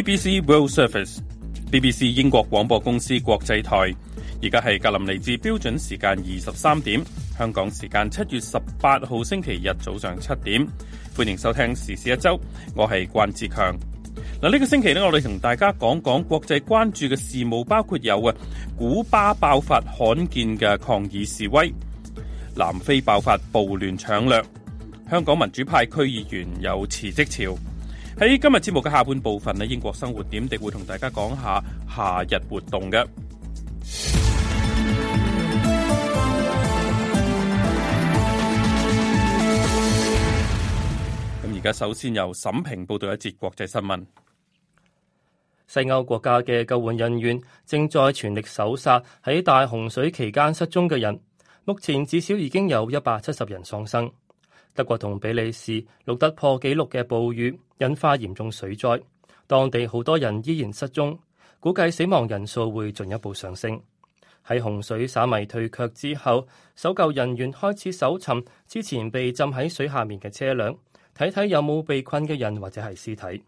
BBC World Service，BBC 英國廣播公司國際台，而家係格林尼治標準時間二十三點，香港時間七月十八號星期日早上七點，歡迎收聽時事一周，我係關志強。嗱，呢個星期咧，我哋同大家講講國際關注嘅事務，包括有啊，古巴爆發罕見嘅抗議示威，南非爆發暴亂搶掠，香港民主派區議員有辭職潮。喺今日節目嘅下半部分，呢英國生活點滴會同大家講下夏日活動嘅。咁而家首先由沈平報道一節國際新聞。西歐國家嘅救援人員正在全力搜索喺大洪水期間失蹤嘅人，目前至少已經有一百七十人喪生。德國同比利時錄得破紀錄嘅暴雨，引發嚴重水災，當地好多人依然失蹤，估計死亡人數會進一步上升。喺洪水稍微退卻之後，搜救人員開始搜尋之前被浸喺水下面嘅車輛，睇睇有冇被困嘅人或者係屍體。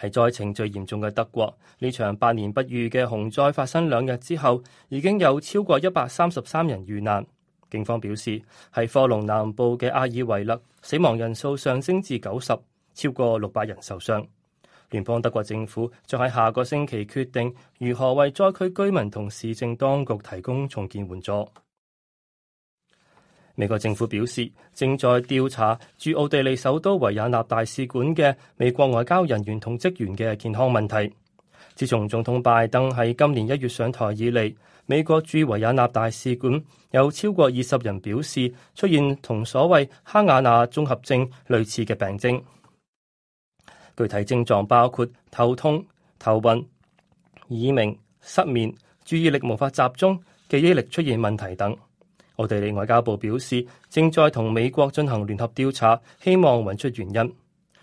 係災情最嚴重嘅德國，呢場百年不遇嘅洪災發生兩日之後，已經有超過一百三十三人遇難。警方表示，喺科隆南部嘅阿爾維勒，死亡人數上升至九十，超過六百人受傷。聯邦德國政府將喺下個星期決定如何為災區居民同市政當局提供重建援助。美國政府表示，正在調查駐奧地利首都維也納大使館嘅美國外交人員同職員嘅健康問題。自從總統拜登喺今年一月上台以嚟，美國駐維也納大使館有超過二十人表示出現同所謂哈瓦那綜合症類似嘅病症，具體症狀包括頭痛、頭暈、耳鳴、失眠、注意力無法集中、記憶力出現問題等。奧地利外交部表示，正在同美國進行聯合調查，希望揾出原因。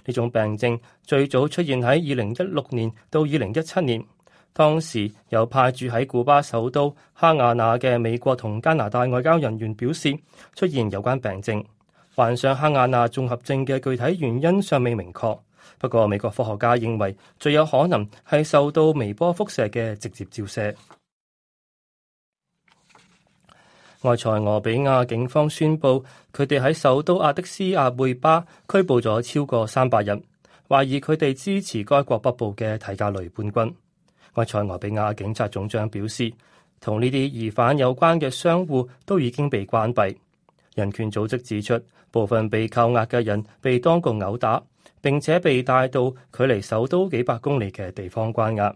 呢種病症最早出現喺二零一六年到二零一七年。當時有派駐喺古巴首都哈瓦那嘅美國同加拿大外交人員表示出現有關病症，患上哈瓦那綜合症嘅具體原因尚未明確。不過，美國科學家認為最有可能係受到微波輻射嘅直接照射。埃塞俄比亞警方宣布，佢哋喺首都亞的斯亞貝巴拘捕咗超過三百人，懷疑佢哋支持該國北部嘅提格雷叛軍。埃塞俄比亞警察總長表示，同呢啲疑犯有關嘅商戶都已經被關閉。人權組織指出，部分被扣押嘅人被當局毆打，並且被帶到距離首都幾百公里嘅地方關押。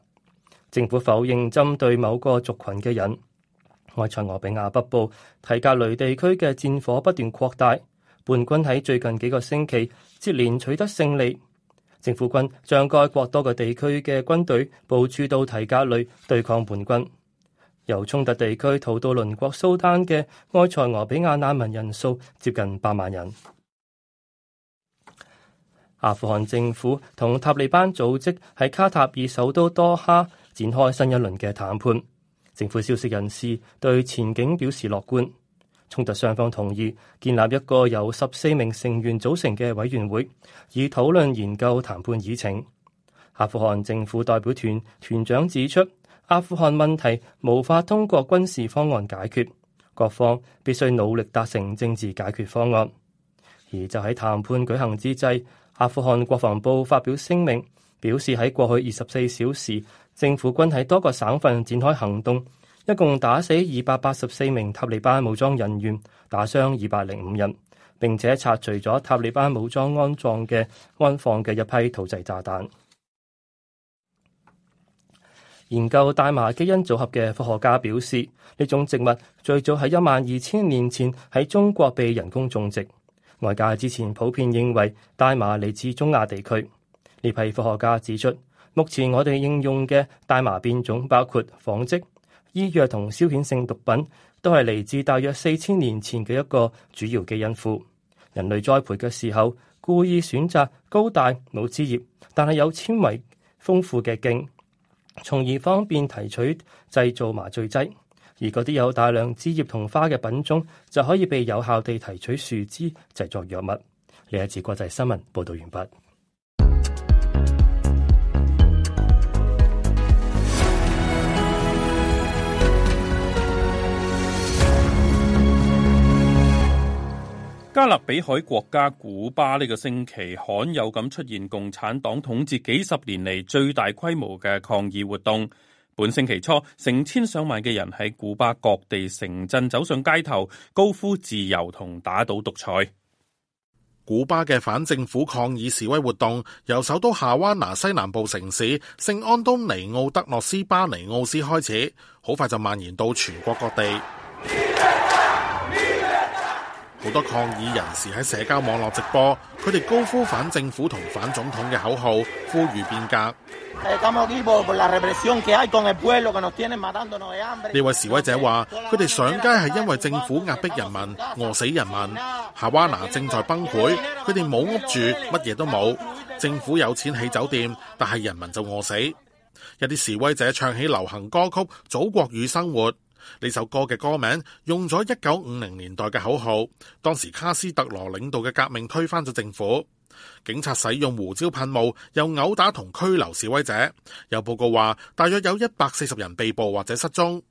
政府否認針對某個族群嘅人。埃塞俄比亞北部提格雷地區嘅戰火不斷擴大，叛軍喺最近幾個星期接連取得勝利。政府軍將該國多個地區嘅軍隊部署到提格里對抗叛軍，由衝突地區逃到鄰國蘇丹嘅埃塞俄比亞難民人數接近百萬人。阿富汗政府同塔利班組織喺卡塔爾首都多哈展開新一輪嘅談判，政府消息人士對前景表示樂觀。衝突雙方同意建立一個由十四名成員組成嘅委員會，以討論研究談判議程。阿富汗政府代表團團長指出，阿富汗問題無法通過軍事方案解決，各方必須努力達成政治解決方案。而就喺談判舉行之際，阿富汗國防部發表聲明，表示喺過去二十四小時，政府軍喺多個省份展開行動。一共打死二百八十四名塔利班武裝人員，打傷二百零五人，並且拆除咗塔利班武裝安放嘅安放嘅一批土製炸彈。研究大麻基因組合嘅科學家表示，呢種植物最早喺一萬二千年前喺中國被人工種植。外界之前普遍認為大麻嚟自中亞地區，呢批科學家指出，目前我哋應用嘅大麻變種包括紡織，醫藥同消遣性毒品都係嚟自大約四千年前嘅一個主要基因庫。人類栽培嘅時候故意選擇高大冇枝葉，但係有纖維豐富嘅莖，從而方便提取製造麻醉劑。而嗰啲有大量枝葉同花嘅品種就可以被有效地提取樹枝製作藥物。呢一節國際新聞報道完畢。加勒比海國家古巴呢個星期罕有咁出現共產黨統治幾十年嚟，最大規模嘅抗議活動。本星期初，成千上萬嘅人喺古巴各地城鎮走上街頭，高呼自由同打倒獨裁。古巴嘅反政府抗議示威活動由首都夏灣拿西南部城市聖安東尼奧德洛斯巴尼奧斯開始，好快就蔓延到全國各地。好多抗議人士喺社交網絡直播，佢哋高呼反政府同反總統嘅口號，呼籲變革。呢位示威者話：佢哋上街係因為政府壓迫人民、餓死人民。夏灣拿正在崩潰，佢哋冇屋住，乜嘢都冇。政府有錢起酒店，但係人民就餓死。一啲示威者唱起流行歌曲《祖國與生活》。呢首歌嘅歌名用咗一九五零年代嘅口號，當時卡斯特羅領導嘅革命推翻咗政府。警察使用胡椒噴霧，又毆打同拘留示威者。有報告話，大約有一百四十人被捕或者失蹤。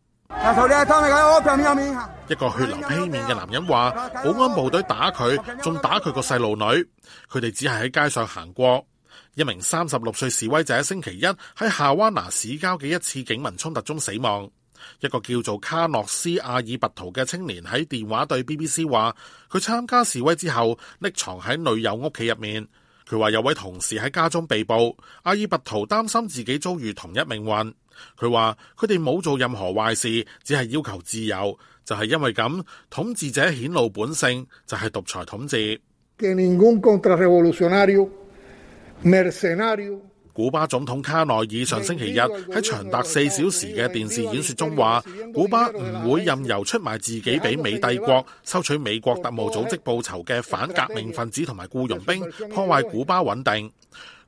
一個血流披面嘅男人話，保安部隊打佢，仲打佢個細路女。佢哋只係喺街上行過。一名三十六歲示威者星期一喺夏灣拿市郊嘅一次警民衝突中死亡。一個叫做卡洛斯·阿爾拔圖嘅青年喺電話對 BBC 話，佢參加示威之後，匿藏喺女友屋企入面。佢話有位同事喺家中被捕，阿爾拔圖擔心自己遭遇同一命運。佢話佢哋冇做任何壞事，只係要求自由，就係因為咁，統治者顯露本性就係獨裁統治。 古巴總統卡內爾上星期日喺長達四小時嘅電視演説中話：古巴唔會任由出賣自己俾美帝國、收取美國特務組織報酬嘅反革命分子同埋僱傭兵破壞古巴穩定。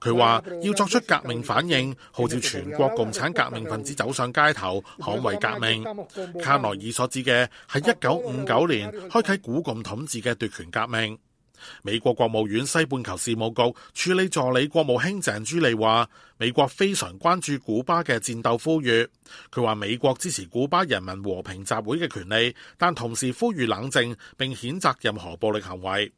佢話要作出革命反應，號召全國共產革命分子走上街頭捍衞革命。卡內爾所指嘅係一九五九年開啟古共統治嘅奪權革命。美國國務院西半球事務局處理助理國務卿鄭朱莉話，美國非常關注古巴嘅戰鬥呼籲。佢話美國支持古巴人民和平集會嘅權利，但同時呼籲冷靜，並譴責任何暴力行為。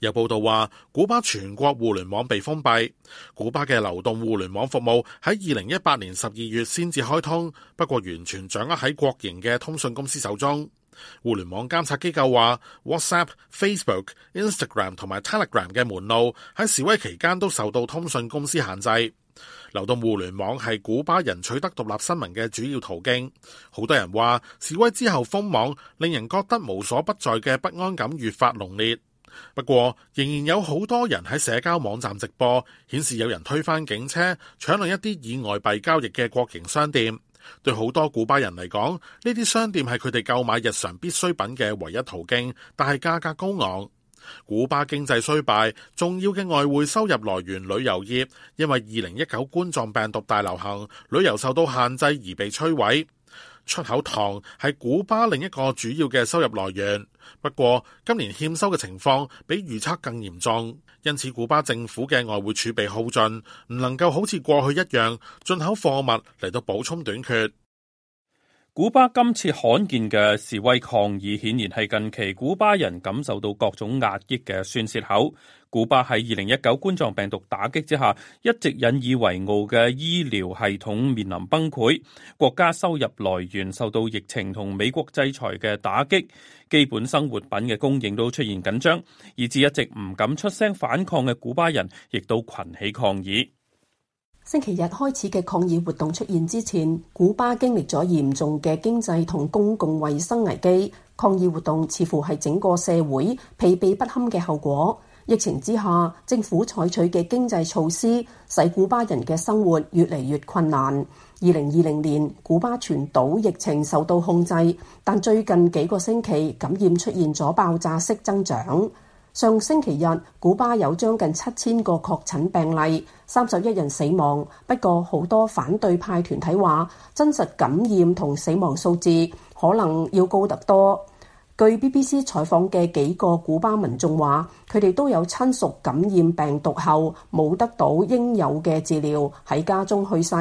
有報道話，古巴全國互聯網被封閉。古巴嘅流動互聯網服務喺二零一八年十二月先至開通，不過完全掌握喺國營嘅通訊公司手中。互聯網監察機構話，WhatsApp、Facebook、Instagram 同埋 Telegram 嘅門路喺示威期間都受到通訊公司限制。流動互聯網係古巴人取得獨立新聞嘅主要途徑。好多人話，示威之後封網，令人覺得無所不在嘅不安感越發濃烈。不過，仍然有好多人喺社交網站直播，顯示有人推翻警車，搶掠一啲以外幣交易嘅國營商店。對好多古巴人嚟講，呢啲商店係佢哋購買日常必需品嘅唯一途徑，但係價格高昂。古巴經濟衰敗，重要嘅外匯收入來源旅遊業，因為二零一九冠狀病毒大流行，旅遊受到限制而被摧毀。出口糖係古巴另一個主要嘅收入來源，不過今年欠收嘅情況比預測更嚴重。因此，古巴政府嘅外匯儲備耗盡，唔能夠好似過去一樣進口貨物嚟到補充短缺。古巴今次罕見嘅示威抗議，顯然係近期古巴人感受到各種壓抑嘅宣洩口。古巴喺二零一九冠狀病毒打擊之下，一直引以為傲嘅醫療系統面臨崩潰，國家收入來源受到疫情同美國制裁嘅打擊，基本生活品嘅供應都出現緊張，以至一直唔敢出聲反抗嘅古巴人，亦都群起抗議。星期日開始嘅抗議活動出現之前，古巴經歷咗嚴重嘅經濟同公共衛生危機。抗議活動似乎係整個社會疲憊不堪嘅後果。疫情之下，政府採取嘅經濟措施使古巴人嘅生活越嚟越困難。二零二零年，古巴全島疫情受到控制，但最近幾個星期感染出現咗爆炸式增長。上星期日，古巴有將近七千個確診病例。三十一人死亡，不過好多反對派團體話，真實感染同死亡數字可能要高得多。據 BBC 採訪嘅幾個古巴民眾話，佢哋都有親屬感染病毒後冇得到應有嘅治療，喺家中去世。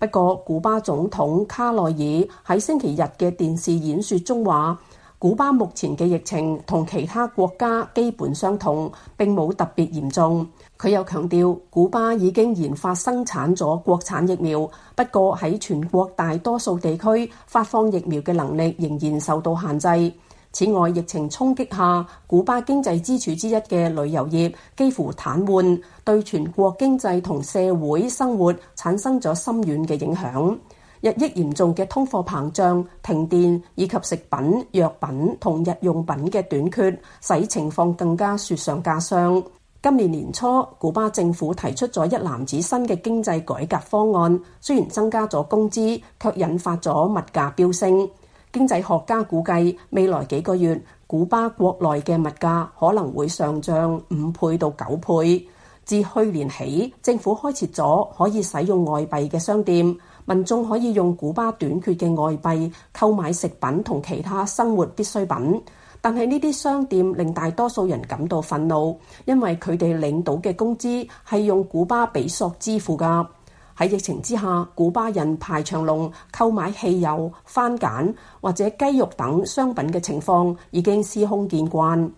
不過古巴總統卡內爾喺星期日嘅電視演說中話，古巴目前嘅疫情同其他國家基本相同，並冇特別嚴重。佢又強調，古巴已經研發生產咗國產疫苗，不過喺全國大多數地區發放疫苗嘅能力仍然受到限制。此外，疫情衝擊下，古巴經濟支柱之一嘅旅遊業幾乎癱瘓，對全國經濟同社會生活產生咗深遠嘅影響。日益嚴重嘅通貨膨脹、停電以及食品、藥品同日用品嘅短缺，使情況更加雪上加霜。今年年初，古巴政府提出咗一籃子新嘅經濟改革方案，雖然增加咗工資，卻引發咗物價飆升。經濟學家估計未來幾個月，古巴國內嘅物價可能會上漲五倍到九倍。自去年起，政府開設咗可以使用外幣嘅商店，民眾可以用古巴短缺嘅外幣購買食品同其他生活必需品。但係呢啲商店令大多數人感到憤怒，因為佢哋領到嘅工資係用古巴比索支付㗎。喺疫情之下，古巴人排長龍購買汽油、番梘或者雞肉等商品嘅情況已經司空見慣。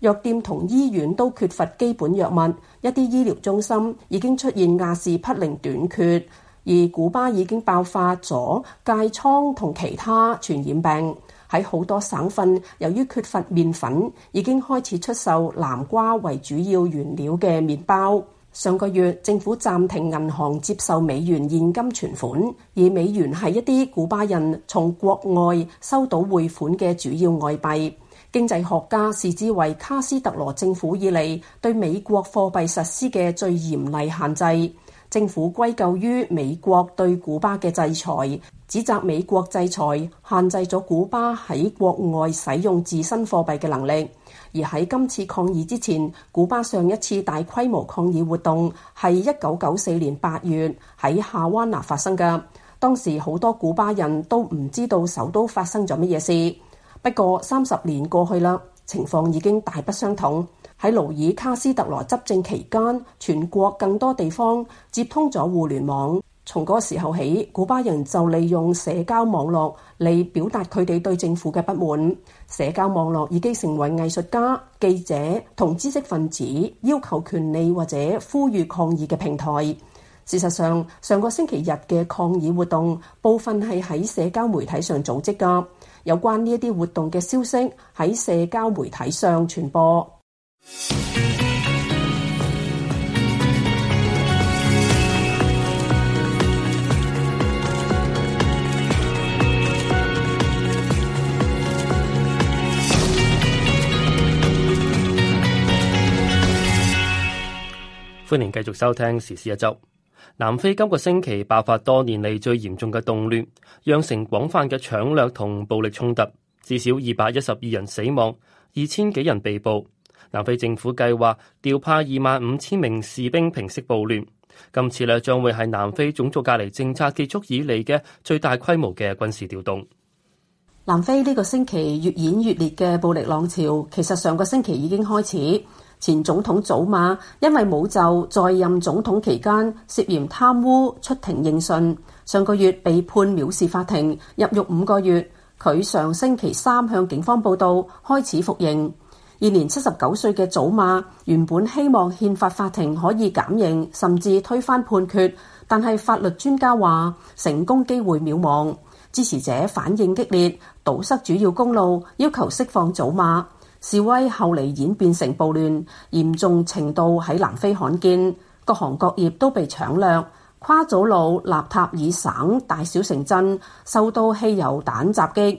藥店同醫院都缺乏基本藥物，一啲醫療中心已經出現亞士匹靈短缺，而古巴已經爆發咗疥瘡同其他傳染病。喺好多省份，由於缺乏麵粉，已經開始出售南瓜為主要原料嘅麵包。上個月，政府暫停銀行接受美元現金存款，而美元係一啲古巴人從國外收到匯款嘅主要外幣。經濟學家視之為卡斯特羅政府以嚟對美國貨幣實施嘅最嚴厲限制。政府歸咎於美國對古巴嘅制裁，指責美國制裁限制咗古巴喺國外使用自身貨幣嘅能力。而喺今次抗議之前，古巴上一次大規模抗議活動係一九九四年八月喺夏灣拿發生㗎。當時好多古巴人都唔知道首都發生咗乜嘢事。不過三十年過去啦，情況已經大不相同。喺勞爾卡斯特羅執政期間，全國更多地方接通咗互聯網。從嗰個時候起，古巴人就利用社交網絡嚟表達佢哋對政府嘅不滿。社交網絡已經成為藝術家、記者同知識分子要求權利或者呼籲抗議嘅平台。事實上，上個星期日嘅抗議活動部分係喺社交媒體上組織㗎，有關呢一啲活動嘅消息喺社交媒體上傳播。歡迎繼續收聽時事一周。南非今個星期爆發多年嚟最嚴重嘅動亂，釀成廣泛嘅搶掠同暴力衝突，至少二百一十二人死亡，二千幾人被捕。南非政府計劃調派二萬五千名士兵平息暴亂，今次呢將會係南非種族隔離政策結束以嚟嘅最大規模嘅軍事調動。南非呢個星期越演越烈嘅暴力浪潮，其實上個星期已經開始。前總統祖馬因為冇就在任總統期間涉嫌貪污出庭應訊，上個月被判藐視法庭入獄五個月。佢上星期三向警方報道開始服刑。現年七十九歲嘅祖馬原本希望憲法法庭可以減刑，甚至推翻判決，但係法律專家話成功機會渺茫。支持者反應激烈，堵塞主要公路，要求釋放祖馬。示威後嚟演變成暴亂，嚴重程度喺南非罕見，各行各業都被搶掠，跨祖魯納塔爾省大小城鎮受到汽油彈襲擊。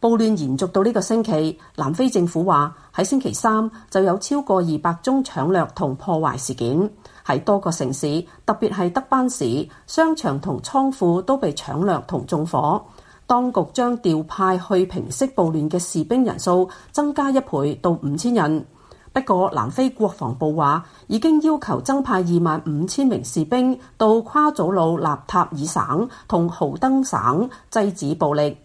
暴亂延續到呢個星期，南非政府話喺星期三就有超過二百宗搶掠同破壞事件，喺多個城市，特別係德班市，商場同倉庫都被搶掠同縱火。當局將調派去平息暴亂嘅士兵人數增加一倍到五千人。不過，南非國防部話已經要求增派二萬五千名士兵到夸祖魯納塔爾省同豪登省制止暴力。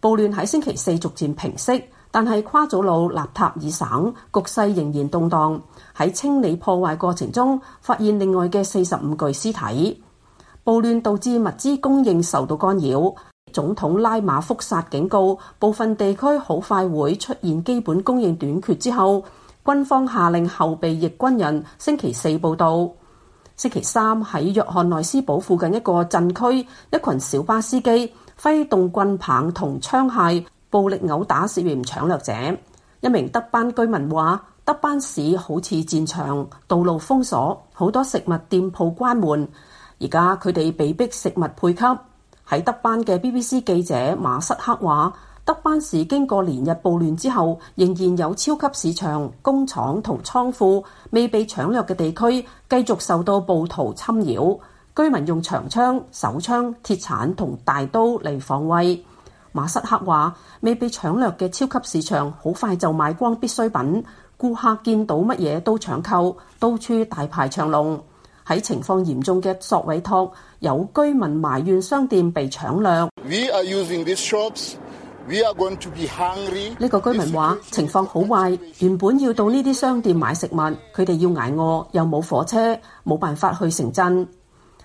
暴亂喺星期四逐漸平息，但係夸祖魯納塔爾省局勢仍然動盪。喺清理破壞過程中，發現另外嘅四十五具屍體。暴亂導致物資供應受到干擾。總統拉馬福薩警告，部分地區好快會出現基本供應短缺。之後，軍方下令後備役軍人星期四報到。星期三喺約翰內斯堡附近一個鎮區，一群小巴司機，揮動棍棒同槍械，暴力毆打涉嫌搶掠者。一名德班居民話，德班市好似戰場，道路封鎖，好多食物店鋪關門。而家佢哋被逼食物配給。喺德班嘅 BBC 記者馬塞克話，德班市經過連日暴亂之後，仍然有超級市場、工廠同倉庫未被搶掠嘅地區，繼續受到暴徒侵擾。居民用長槍、手槍、鐵鏟同大刀嚟防衛。馬塞克話：未被搶掠嘅超級市場好快就買光必需品，顧客見到乜嘢都搶購，到處大排長龍。喺情況嚴重嘅索韋托，有居民埋怨商店被搶掠。呢個居民話：情況好壞，原本要到呢啲商店買食物，佢哋要挨餓，又冇火車，冇辦法去城鎮。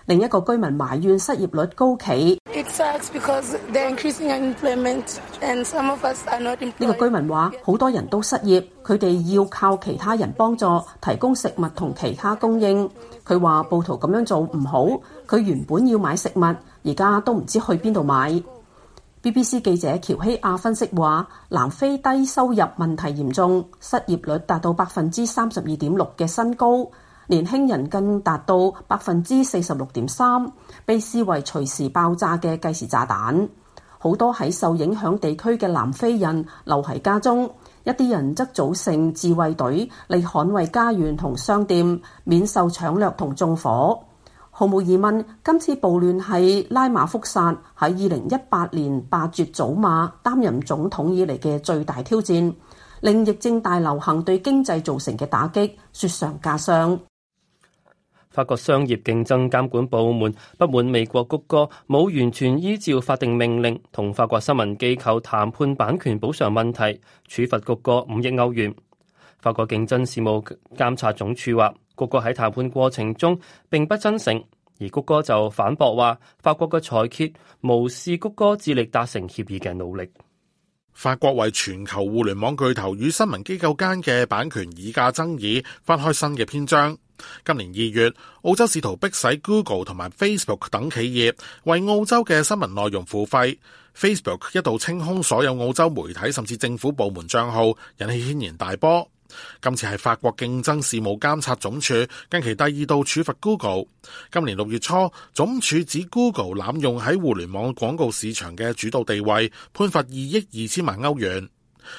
另一個居民埋怨失業率高企，呢個居民話好多人都失業，佢哋要靠其他人幫助提供食物同其他供應。佢話暴徒咁樣做唔好，佢原本要買食物，而家都唔知去邊度買。BBC 記者喬希亞分析話，南非低收入問題嚴重，失業率達到百分之三十二點六嘅新高。年輕人更達到百分之四十六點三，被視為隨時爆炸嘅計時炸彈。好多喺受影響地區嘅南非人留喺家中，一啲人則組成自衛隊嚟捍衛家園同商店，免受搶掠同縱火。毫無疑問，今次暴亂係拉馬福薩喺二零一八年罷黜祖馬擔任總統以嚟嘅最大挑戰，令疫症大流行對經濟造成嘅打擊雪上加霜。法國商業競爭監管部門不滿美國谷歌冇完全依照法定命令同法國新聞機構談判版權補償問題，處罰谷歌五億歐元。法國競爭事務監察總署話，谷歌喺談判過程中並不真誠，而谷歌就反駁話，法國嘅裁決無視谷歌致力達成協議嘅努力。法國為全球互聯網巨頭與新聞機構間嘅版權議價爭議翻開新嘅篇章。今年二月，澳洲試圖迫使 Google 同埋 Facebook 等企業為澳洲嘅新聞內容付費。Facebook 一度清空所有澳洲媒體甚至政府部門賬號，引起軒然大波。今次係法國競爭事務監察總署近期第二度處罰 Google。今年六月初，總署指 Google 濫用喺互聯網廣告市場嘅主導地位，判罰二億二千萬歐元。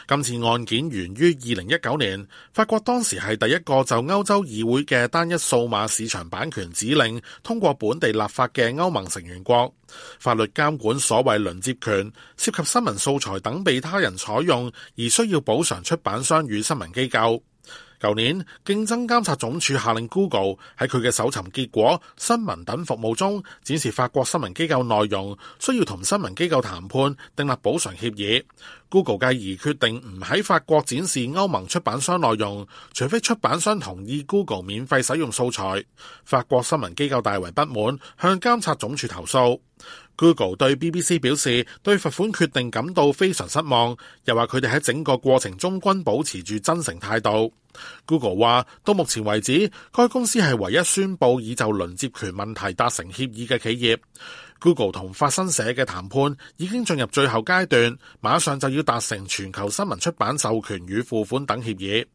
今次案件源於二零一九年，法國當時係第一個就歐洲議會嘅單一數碼市場版權指令通過本地立法嘅歐盟成員國法律監管，所謂鄰接權涉及新聞素材等被他人採用而需要補償出版商與新聞機構。舊年，競爭監察總署下令 Google 喺佢嘅搜尋結果、新聞等服務中展示法國新聞機構內容，需要同新聞機構談判訂立補償協議。Google 繼而決定唔喺法國展示歐盟出版商內容，除非出版商同意 Google 免費使用素材。法國新聞機構大為不滿，向監察總署投訴。Google 對 BBC 表示對罰款決定感到非常失望，又話佢哋喺整個過程中均保持住真誠態度。Google 話到目前為止，該公司係唯一宣布已就鄰接權問題達成協議嘅企業。Google 同法新社嘅談判已經進入最後階段，馬上就要達成全球新聞出版授權與付款等協議。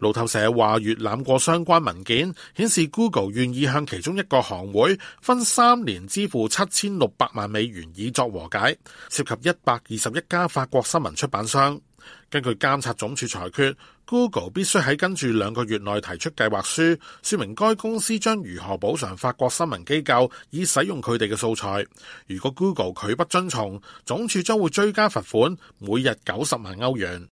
路透社話，閱覽過相關文件，顯示 Google 願意向其中一個行會分三年支付七千六百萬美元以作和解，涉及一百二十一家法國新聞出版商。根據監察總署裁決，Google 必須喺跟住兩個月內提出計劃書，說明該公司將如何補償法國新聞機構以使用佢哋嘅素材。如果 Google 拒不遵從，總署將會追加罰款，每日九十萬歐元。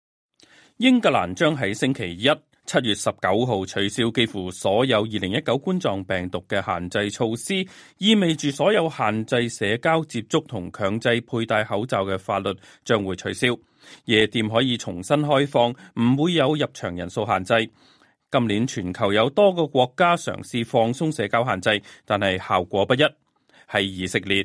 英格蘭將喺星期一七月十九號取消幾乎所有二零一九冠狀病毒嘅限制措施，意味住所有限制社交接觸同強制佩戴口罩嘅法律將會取消。夜店可以重新開放，唔會有入場人數限制。今年全球有多個國家嘗試放鬆社交限制，但係效果不一，係以色列。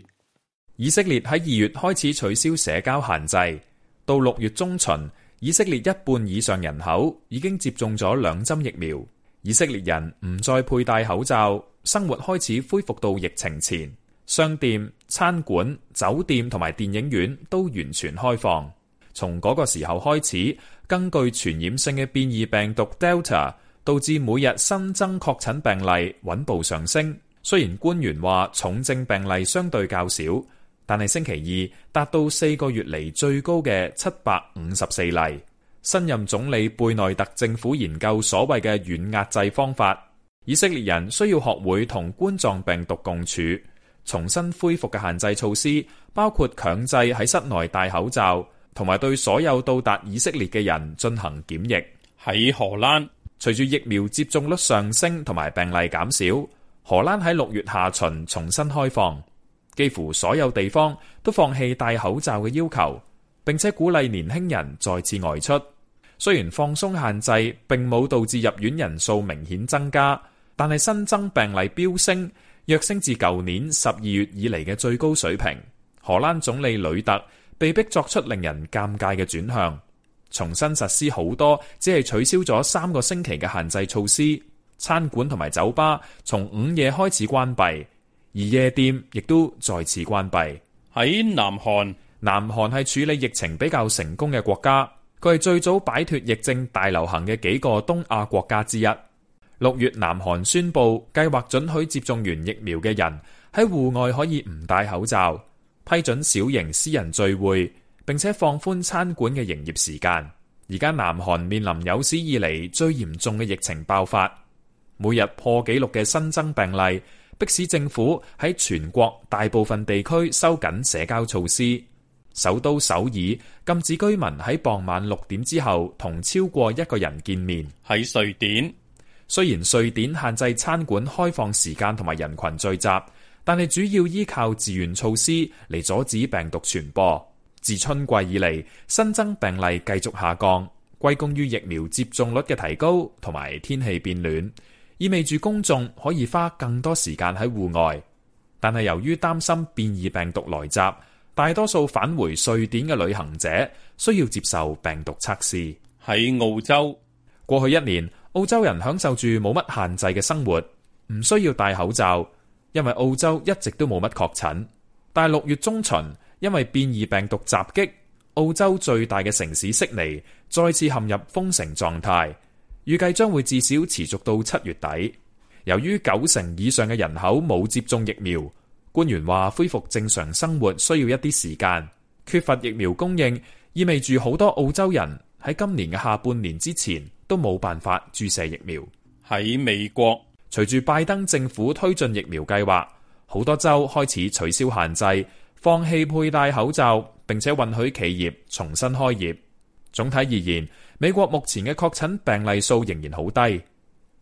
以色列喺二月開始取消社交限制，到六月中旬。以色列一半以上人口已經接種咗兩針疫苗，以色列人唔再佩戴口罩，生活開始恢復到疫情前。商店、餐館、酒店同埋電影院都完全開放。從嗰個時候開始，根據傳染性嘅變異病毒 Delta，導致每日新增確診病例穩步上升。雖然官員話重症病例相對較少。但係星期二達到四個月嚟最高嘅七百五十四例。新任總理貝內特政府研究所謂嘅軟壓制方法。以色列人需要學會同冠狀病毒共處。重新恢復嘅限制措施包括強制喺室內戴口罩，同埋對所有到達以色列嘅人進行檢疫。喺荷蘭，隨住疫苗接種率上升同埋病例減少，荷蘭喺六月下旬重新開放。幾乎所有地方都放棄戴口罩嘅要求，並且鼓勵年輕人再次外出。雖然放鬆限制並冇導致入院人數明顯增加，但係新增病例飆升，躍升至舊年十二月以嚟嘅最高水平。荷蘭總理呂特被迫作出令人尷尬嘅轉向，重新實施好多只係取消咗三個星期嘅限制措施。餐館同埋酒吧從午夜開始關閉。而夜店亦都再次關閉。喺南韓，南韓係處理疫情比較成功嘅國家，佢係最早擺脫疫症大流行嘅幾個東亞國家之一。六月，南韓宣布計劃准許接種完疫苗嘅人喺戶外可以唔戴口罩，批准小型私人聚會，並且放寬餐館嘅營業時間。而家南韓面臨有史以嚟最嚴重嘅疫情爆發，每日破紀錄嘅新增病例。迫使政府喺全國大部分地區收緊社交措施。首都首爾禁止居民喺傍晚六點之後同超過一個人見面。喺瑞典，雖然瑞典限制餐館開放時間同埋人群聚集，但係主要依靠自願措施嚟阻止病毒傳播。自春季以嚟，新增病例繼續下降，歸功於疫苗接種率嘅提高同埋天氣變暖。意味住公眾可以花更多時間喺戶外，但係由於擔心變異病毒來襲，大多數返回瑞典嘅旅行者需要接受病毒測試。喺澳洲，過去一年澳洲人享受住冇乜限制嘅生活，唔需要戴口罩，因為澳洲一直都冇乜確診。但係六月中旬，因為變異病毒襲擊，澳洲最大嘅城市悉尼再次陷入封城狀態。預計將會至少持續到七月底。由於九成以上嘅人口冇接種疫苗，官員話恢復正常生活需要一啲時間。缺乏疫苗供應，意味住好多澳洲人喺今年嘅下半年之前都冇辦法注射疫苗。喺美國，隨住拜登政府推進疫苗計劃，好多州開始取消限制，放棄佩戴口罩，並且允許企業重新開業。總體而言，美國目前嘅確診病例數仍然好低，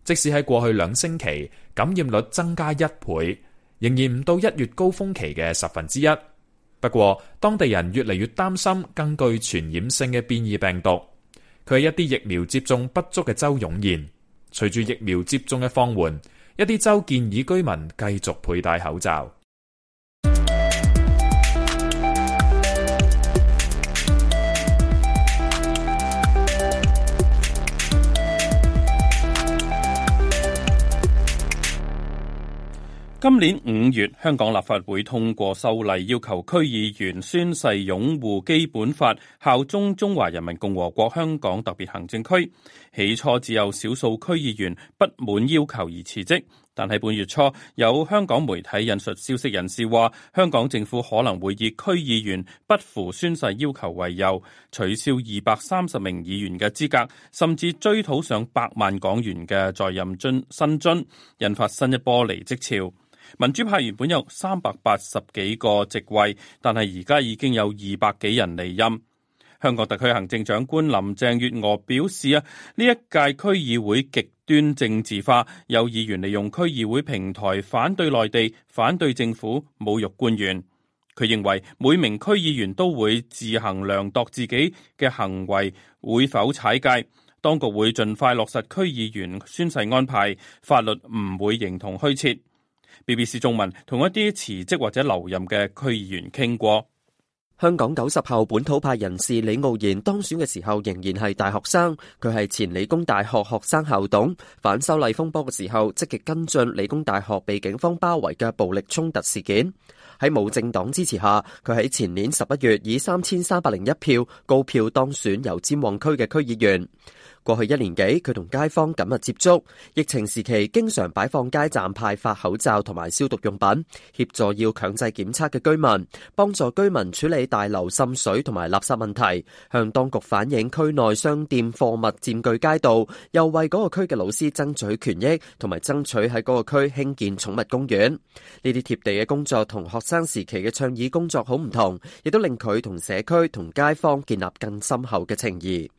即使喺過去兩星期感染率增加一倍，仍然唔到一月高峰期嘅十分之一。不過，當地人越嚟越擔心更具傳染性嘅變異病毒。佢係一啲疫苗接種不足嘅州湧現，隨住疫苗接種嘅放緩，一啲州建議居民繼續佩戴口罩。今年五月，香港立法會通過修例要求區議員宣誓擁護基本法、效忠中華人民共和國香港特別行政區。起初只有少數區議員不滿要求而辭職，但喺本月初，有香港媒體引述消息人士話，香港政府可能會以區議員不符宣誓要求為由，取消二百三十名議員嘅資格，甚至追討上百萬港元嘅在任津薪津，引發新一波離職潮。民主派原本有三百八十幾個席位，但係而家已經有二百幾人離任。香港特區行政長官林鄭月娥表示啊，呢一屆區議會極端政治化，有議員利用區議會平台反對內地、反對政府、侮辱官員。佢認為每名區議員都會自行量度自己嘅行為會否踩界，當局會盡快落實區議員宣誓安排，法律唔會形同虛設。B B S BBC 中文同一啲辭職或者留任嘅區議員傾過。香港九十後本土派人士李傲然當選嘅時候，仍然係大學生。佢係前理工大學學生校董，反修例風波嘅時候積極跟進理工大學被警方包圍嘅暴力衝突事件。喺無政黨支持下，佢喺前年十一月以三千三百零一票高票當選油尖旺區嘅區議員。過去一年幾，佢同街坊緊密接觸，疫情時期經常擺放街站派發口罩同埋消毒用品，協助要強制檢測嘅居民，幫助居民處理大樓滲水同埋垃圾問題，向當局反映區內商店貨物佔據街道，又為嗰個區嘅老師爭取權益，同埋爭取喺嗰個區興建寵物公園。呢啲貼地嘅工作同學生時期嘅倡議工作好唔同，亦都令佢同社區同街坊建立更深厚嘅情誼。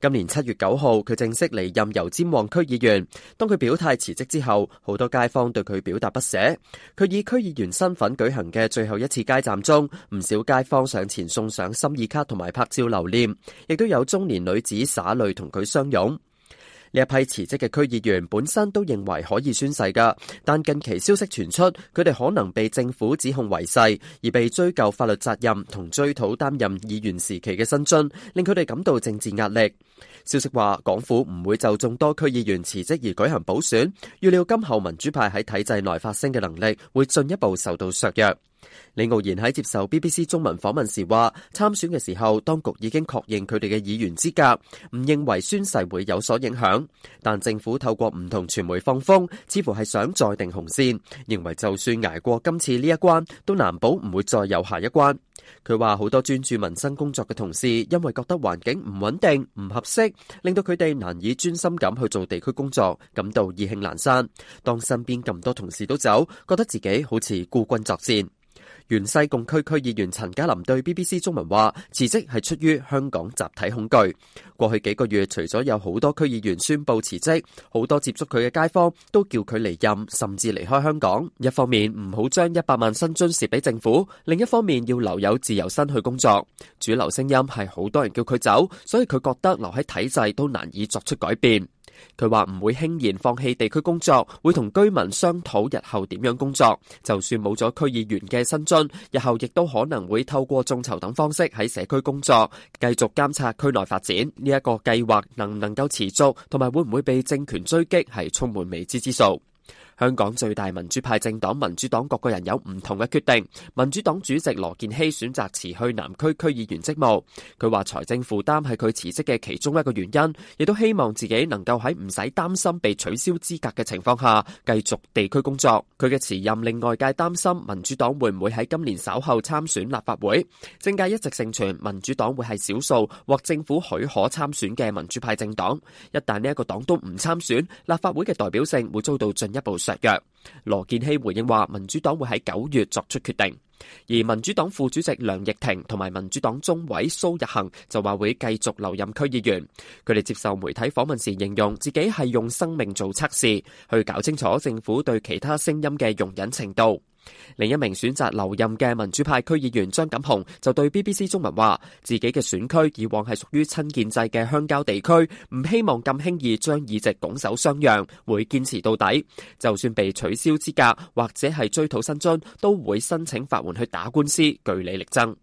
今年七月九號，佢正式離任油尖旺區議員。當佢表態辭職之後，好多街坊對佢表達不捨。佢以區議員身份舉行嘅最後一次街站中，唔少街坊上前送上心意卡同埋拍照留念，亦都有中年女子灑淚同佢相擁。呢一批辭職嘅區議員本身都認為可以宣誓噶，但近期消息傳出，佢哋可能被政府指控違誓而被追究法律責任同追討擔任議員時期嘅薪津，令佢哋感到政治壓力。消息話，港府唔會就眾多區議員辭職而舉行補選，預料今後民主派喺體制內發聲嘅能力會進一步受到削弱。李傲然喺接受 BBC 中文訪問時話，參選嘅時候，當局已經確認佢哋嘅議員資格，唔認為宣誓會有所影響。但政府透過唔同傳媒放風，似乎係想再定紅線，認為就算捱過今次呢一關，都難保唔會再有下一關。佢話好多專注民生工作嘅同事，因為覺得環境唔穩定、唔合適，令到佢哋難以專心咁去做地區工作，感到意興闌珊。當身邊咁多同事都走，覺得自己好似孤軍作戰。原西貢區區議員陳家林對 BBC 中文話：辭職係出於香港集體恐懼。過去幾個月，除咗有好多區議員宣布辭職，好多接觸佢嘅街坊都叫佢離任，甚至離開香港。一方面唔好將一百萬薪津蝕俾政府，另一方面要留有自由身去工作。主流聲音係好多人叫佢走，所以佢覺得留喺體制都難以作出改變。佢話唔會輕言放棄地區工作，會同居民商討日後點樣工作。就算冇咗區議員嘅薪津，日後亦都可能會透過眾籌等方式喺社區工作，繼續監察區內發展。呢、這、一個計劃能唔能夠持續，同埋會唔會被政權追擊，係充滿未知之數。。香港最大民主派政黨民主黨各個人有唔同嘅決定。民主黨主席羅健熙選擇辭去南區區議員職務。佢話財政負擔係佢辭職嘅其中一個原因，亦都希望自己能夠喺唔使擔心被取消資格嘅情況下，繼續地區工作。佢嘅辭任令外界擔心民主黨會唔會喺今年稍後參選立法會。政界一直盛傳民主黨會係少數獲政府許可參選嘅民主派政黨。一旦呢一個黨都唔參選，立法會嘅代表性會遭到進一步削弱。羅健熙回應話，民主黨會喺九月作出決定，而民主黨副主席梁亦婷同埋民主黨中委蘇日恒就話會繼續留任區議員。佢哋接受媒體訪問時，形容自己係用生命做測試，去搞清楚政府對其他聲音嘅容忍程度。另一名選擇留任嘅民主派區議員張錦雄就對 BBC 中文話，自己嘅選區以往係屬於親建制嘅鄉郊地區，唔希望咁輕易將議席拱手相讓，會堅持到底，就算被取消資格或者係追討薪津，都會申請法援去打官司，據理力爭。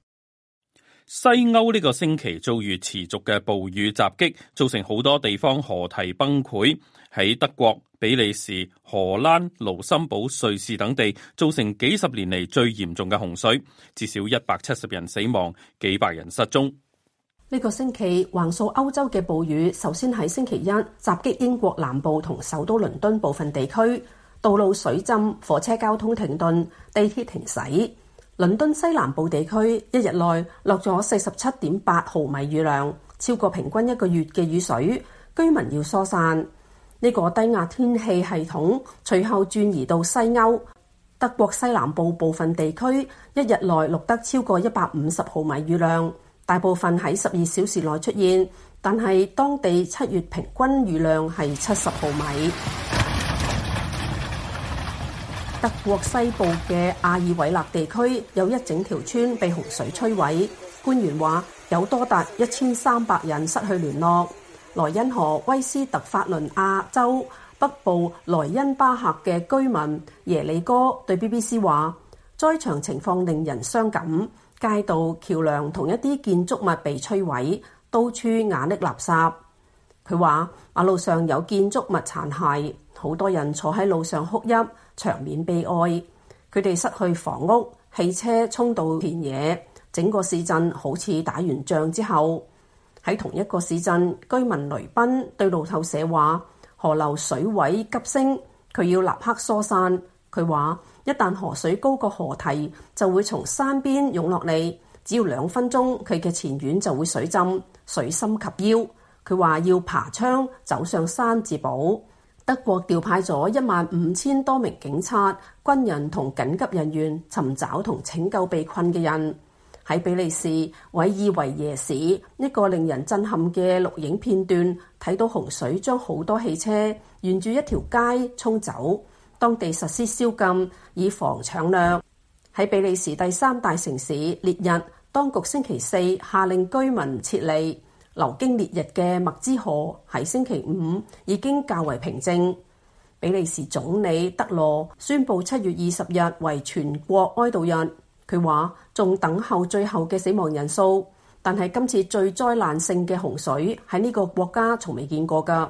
西歐呢個星期遭遇持續嘅暴雨襲擊，造成好多地方河堤崩潰，喺德國、比利時、荷蘭、盧森堡、瑞士等地造成幾十年嚟最嚴重嘅洪水，至少一百七十人死亡，幾百人失蹤。呢個星期橫掃歐洲嘅暴雨，首先喺星期一襲擊英國南部同首都倫敦部分地區，道路水浸，火車交通停頓，地鐵停駛。倫敦西南部地區一日內落咗四十七點八毫米雨量，超過平均一個月嘅雨水，居民要疏散。呢個低壓天氣系統隨後轉移到西歐，德國西南部部分地區一日內錄得超過一百五十毫米雨量，大部分喺十二小時內出現，但係當地七月平均雨量係七十毫米。德國西部嘅阿爾韋納地區有一整條村被洪水摧毀，官員話有多達一千三百人失去聯絡。萊茵河威斯特法倫亞州北部萊因巴赫嘅居民耶利哥對 BBC 話災場情況令人傷感，街道橋梁同一啲建築物被摧毀，到處瓦礫垃、垃圾。佢話馬路上有建築物殘骸，好多人坐喺路上哭泣。場面悲哀，佢哋失去房屋、汽車，衝到田野，整個市鎮好似打完仗之後。喺同一個市鎮，居民雷奔，對路透社話：河流水位急升，佢要立刻疏散。佢話：一旦河水高過河堤，就會從山邊湧落嚟，只要兩分鐘，佢嘅前院就會水浸，水深及腰。佢話要爬窗走上山自保。德國調派咗一萬五千多名警察、軍人同緊急人員尋找同拯救被困嘅人。喺比利時韋爾維耶市，一個令人震撼嘅錄影片段，睇到洪水將好多汽車沿住一條街衝走。當地實施宵禁，以防搶掠。喺比利時第三大城市列日，當局星期四下令居民撤離。流經烈日嘅默茲河喺星期五已經較為平靜。比利時總理德羅宣布七月二十日為全國哀悼日。佢話仲等候最後嘅死亡人數，但係今次最災難性嘅洪水喺呢個國家從未見過噶。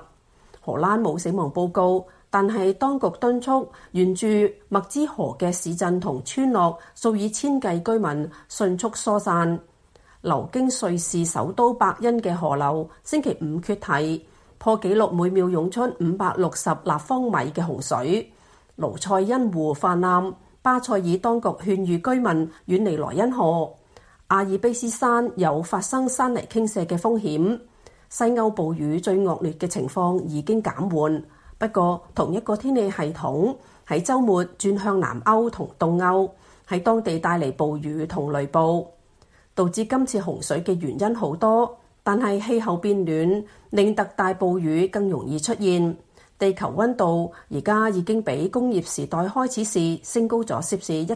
荷蘭冇死亡報告，但係當局敦促沿住默茲河嘅市鎮同村落數以千計居民迅速疏散。流經瑞士首都伯恩嘅河流星期五決堤破紀錄，每秒湧出五百六十立方米嘅洪水。盧塞恩湖泛濫，巴塞爾當局勸喻居民遠離萊茵河。阿爾卑斯山有發生山泥傾瀉嘅風險。西歐暴雨最惡劣嘅情況已經減緩，不過同一個天氣系統喺週末轉向南歐同東歐，喺當地帶嚟暴雨同雷暴。導致今次洪水嘅原因好多，但係氣候變暖令特大暴雨更容易出現。地球溫度而家已經比工業時代開始時升高咗攝氏一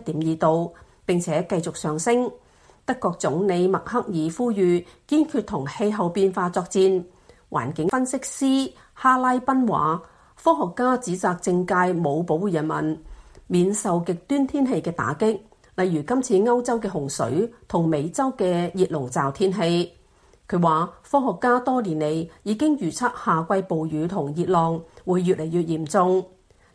例如今次歐洲嘅洪水同美洲嘅熱籠罩天氣，佢話科學家多年嚟已經預測夏季暴雨同熱浪會越嚟越嚴重。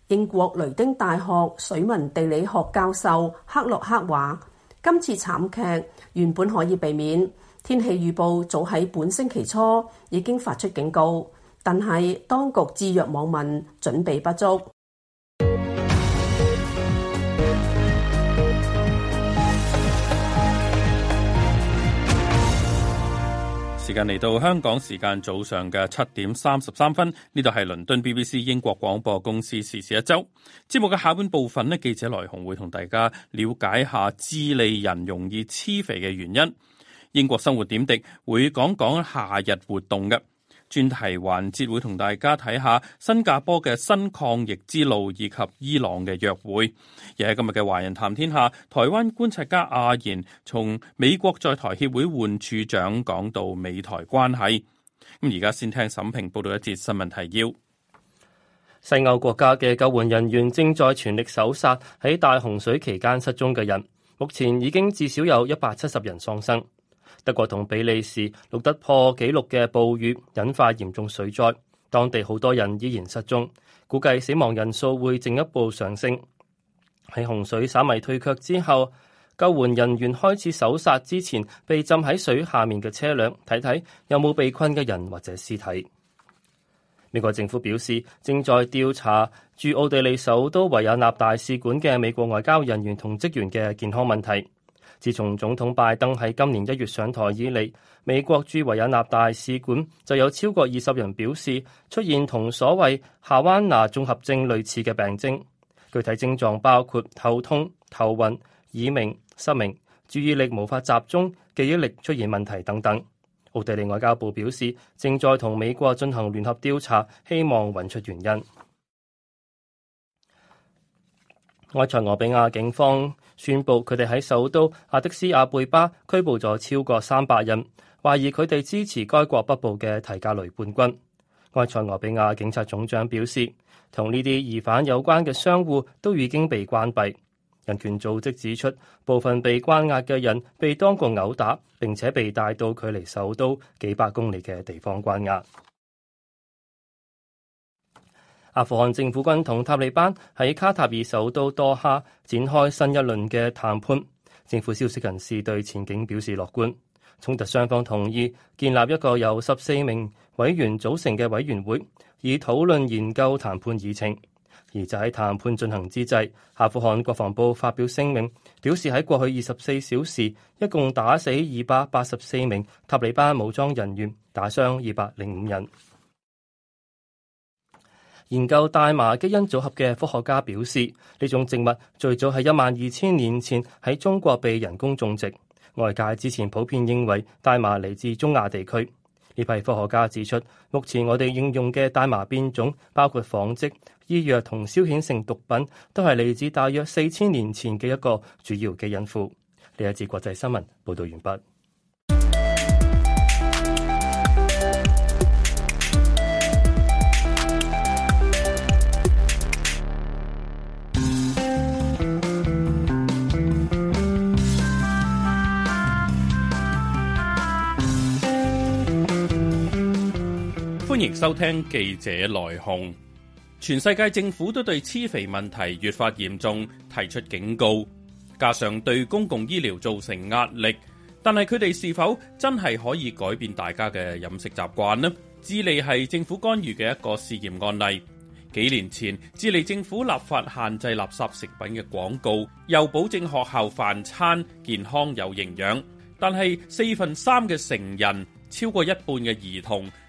英國雷丁大學水文地理學教授克洛克話，今次慘劇原本可以避免，天氣預報早喺本星期初已經發出警告，但係當局置若罔聞，準備不足。今嚟到香港時間早上嘅七點三十三分，呢度係倫敦 BBC 英國廣播公司時事一周節目嘅下半部分呢，記者來鴻會同大家了解下智利人容易黐肥嘅原因。英國生活點滴會講講夏日活動嘅。專題環節會同大家睇下新加坡嘅新抗疫之路，以及伊朗嘅約會。而喺今日嘅華人談天下，台灣觀察家阿賢從美國在台協會換處長講到美台關係。咁而家先聽沈平報道一節新聞提要。西歐國家嘅救援人員正在全力搜殺喺大洪水期間失蹤嘅人，目前已經至少有一百七十人喪生。德國同比利時錄得破紀錄嘅暴雨，引發嚴重水災，當地好多人依然失蹤，估計死亡人數會進一步上升。喺洪水稍微退卻之後，救援人員開始搜索之前被浸喺水下面嘅車輛，睇睇有冇被困嘅人或者屍體。美國政府表示，正在調查駐奧地利首都維也納大使館嘅美國外交人員同職員嘅健康問題。自從總統拜登喺今年一月上台以嚟，美國駐維也納大使館就有超過二十人表示出現同所謂夏灣拿綜合症類似嘅病徵，具體症狀包括頭痛、頭暈、耳鳴、失明、注意力無法集中、記憶力出現問題等等。奧地利外交部表示，正在同美國進行聯合調查，希望揾出原因。埃塞俄比亞警方宣布佢哋喺首都阿迪斯亞貝巴拘捕咗超過三百人，懷疑佢哋支持該國北部嘅提格雷叛軍。埃塞俄比亞警察總長表示，同呢啲疑犯有關嘅商戶都已經被關閉。人權組織指出，部分被關押嘅人被當局毆打，並且被帶到距離首都幾百公里嘅地方關押。阿富汗政府軍同塔利班喺卡塔爾首都多哈展開新一輪嘅談判，政府消息人士對前景表示樂觀。衝突雙方同意建立一個由十四名委員組成嘅委員會，以討論研究談判議程。而就喺談判進行之際，阿富汗國防部發表聲明，表示喺過去二十四小時，一共打死二百八十四名塔利班武裝人員，打傷二百零五人。研究大麻基因組合嘅科學家表示，呢種植物最早係一萬二千年前喺中國被人工種植。外界之前普遍認為大麻嚟自中亞地區。呢批科學家指出，目前我哋應用嘅大麻變種，包括紡織、醫藥同消遣性毒品，都係嚟自大約四千年前嘅一個主要嘅隱庫。呢一節國際新聞報道完畢。收聽記者來鴻，全世界政府都對癡肥問題越發嚴重，提出警告，加上對公共醫療造成壓力，但係佢哋是否真係可以改變大家嘅飲食習慣呢？智利係政府干預嘅一個試驗案例。幾年前，智利政府立法限制垃圾食品嘅廣告，又保證學校飯餐健康有營養，但係四分三嘅成人，超過一半嘅兒童。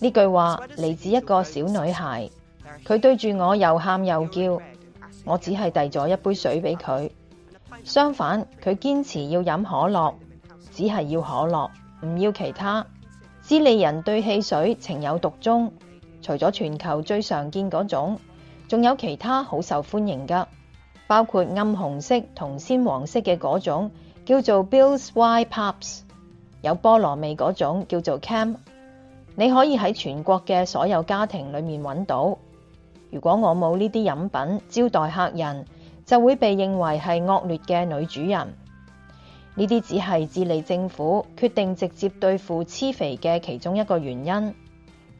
呢句話嚟自一個小女孩，佢對住我又喊又叫，我只係遞咗一杯水俾佢。相反，佢堅持要飲可樂，只係要可樂，唔要其他。智利人對汽水情有獨鍾，除咗全球最常見嗰種，仲有其他好受歡迎噶，包括暗紅色同鮮黃色嘅嗰種，叫做 Bilz y Pap，有菠蘿味嗰種，叫做 Kem。你可以喺全國嘅所有家庭裏面揾到。如果我冇呢啲飲品招待客人，就會被認為係惡劣嘅女主人。呢啲只係智利政府決定直接對付癡肥嘅其中一個原因。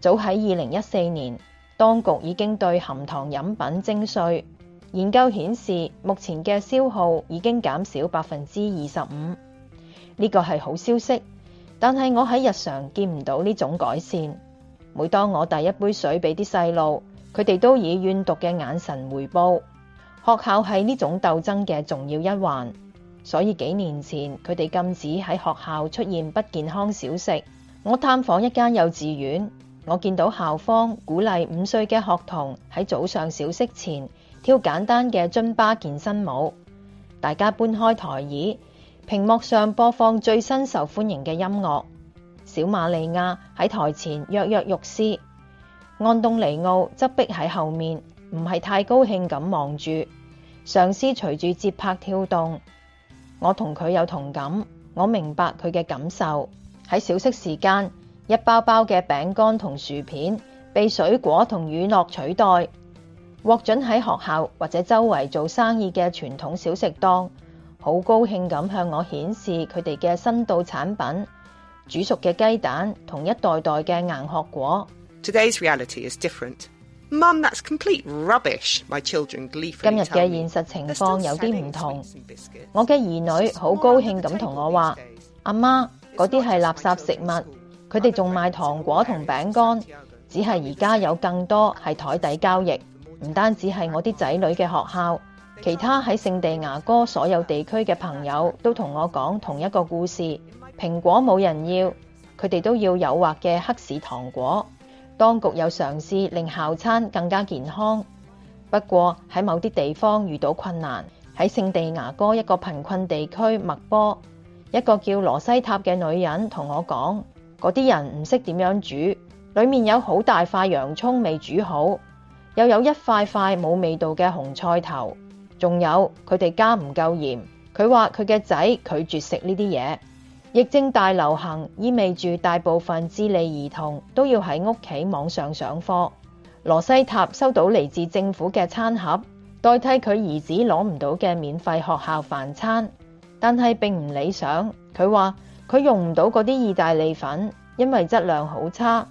早喺二零一四年，當局已經對含糖飲品徵稅。研究顯示，目前嘅消耗已經減少百分之二十五。呢個係好消息。但係我喺日常見唔到呢種改善。每當我遞一杯水俾啲細路，佢哋都以怨毒嘅眼神回報。學校係呢種鬥爭嘅重要一環，所以幾年前佢哋禁止喺學校出現不健康小食。我探訪一間幼稚園，我見到校方鼓勵五歲嘅學童喺早上小息前跳簡單嘅津巴健身舞，大家搬開台椅。屏幕上播放最新受歡迎嘅音樂，小瑪利亞喺台前躍躍欲試，安東尼奧則逼喺後面，唔係太高興咁望住。上司隨住節拍跳動。我同佢有同感，我明白佢嘅感受。喺小息時間，一包包嘅餅乾同薯片被水果同乳酪取代，獲准喺學校或者周圍做生意嘅傳統小食檔。好高興咁向我顯示佢哋嘅新到產品，煮熟嘅雞蛋，同一袋袋嘅硬殼果。今日嘅現實情況有啲唔同，我嘅兒女好高興咁同我話：阿媽，嗰啲係垃圾食物。佢哋仲賣糖果同餅乾，只係而家有更多係枱底交易，唔單止係我啲仔女嘅學校。其他喺聖地牙哥所有地區嘅朋友都同我講同一個故事。蘋果冇人要，佢哋都要誘惑嘅黑市糖果。當局有嘗試令校餐更加健康，不過喺某啲地方遇到困難。喺聖地牙哥一個貧困地區麥波，一個叫羅西塔嘅女人同我講，嗰啲人唔識點樣煮，裡面有好大塊洋葱未煮好，又有一塊塊冇味道嘅紅菜頭。仲有佢哋加唔夠鹽，佢話佢嘅仔拒絕食呢啲嘢。疫症大流行意味住大部分智利兒童都要喺屋企網上上課，羅西塔收到嚟自政府嘅餐盒，代替佢兒子攞唔到嘅免費學校飯餐，但係並唔理想。佢話佢用唔到嗰啲意大利粉，因為質量好差，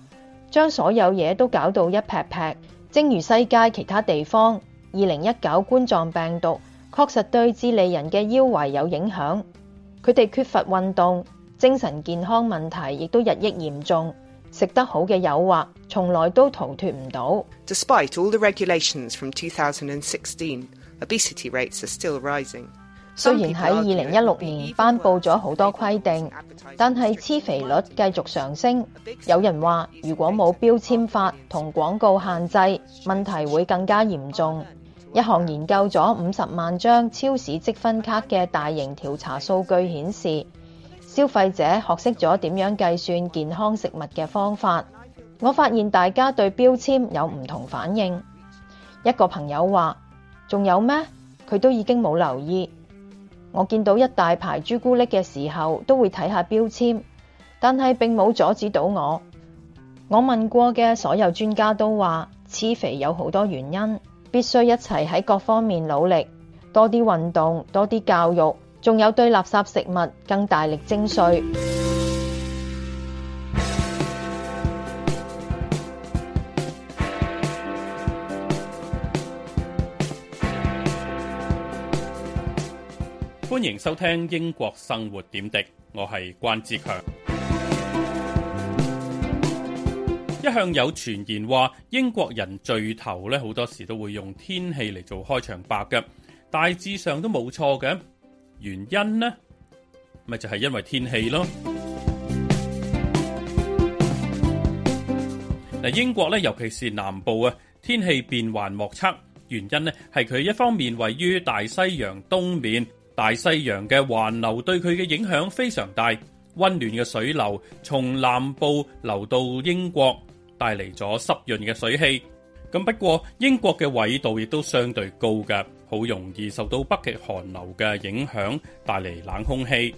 將所有嘢都搞到一劈劈，正如世界其他地方。二零一九冠狀病毒確實對智利人嘅腰圍有影響，佢哋缺乏運動，精神健康問題亦都日益嚴重。食得好嘅誘惑從來都逃脫唔到。Despite all the regulations from 2016, obesity rates are still rising。雖然喺二零一六年頒布咗好多規定，但係癡肥率繼續上升。有人話，如果冇標籤法同廣告限制，問題會更加嚴重。一項研究咗五十萬張超市積分卡嘅大型調查數據顯示，消費者學識咗點樣計算健康食物嘅方法。我發現大家對標籤有唔同反應。一個朋友話：仲有咩？佢都已經冇留意。我見到一大排朱古力嘅時候，都會睇下標籤，但係並冇阻止到我。我問過嘅所有專家都話，痴肥有好多原因。必須一齊喺各方面努力，多啲運動，多啲教育，仲有對垃圾食物更大力徵稅。歡迎收聽《英國生活點滴》，我係關志強。一向有傳言話，英國人聚頭咧，好多時都會用天氣嚟做開場白嘅，大致上都冇錯嘅。原因呢咪就係、是、因為天氣咯。嗱，英國咧，尤其是南部啊，天氣變幻莫測。原因呢係佢一方面位於大西洋東面，大西洋嘅環流對佢嘅影響非常大，溫暖嘅水流從南部流到英國。帶嚟咗濕潤嘅水氣，咁不過英國嘅緯度亦都相對高㗎，好容易受到北極寒流嘅影響，帶嚟冷空氣。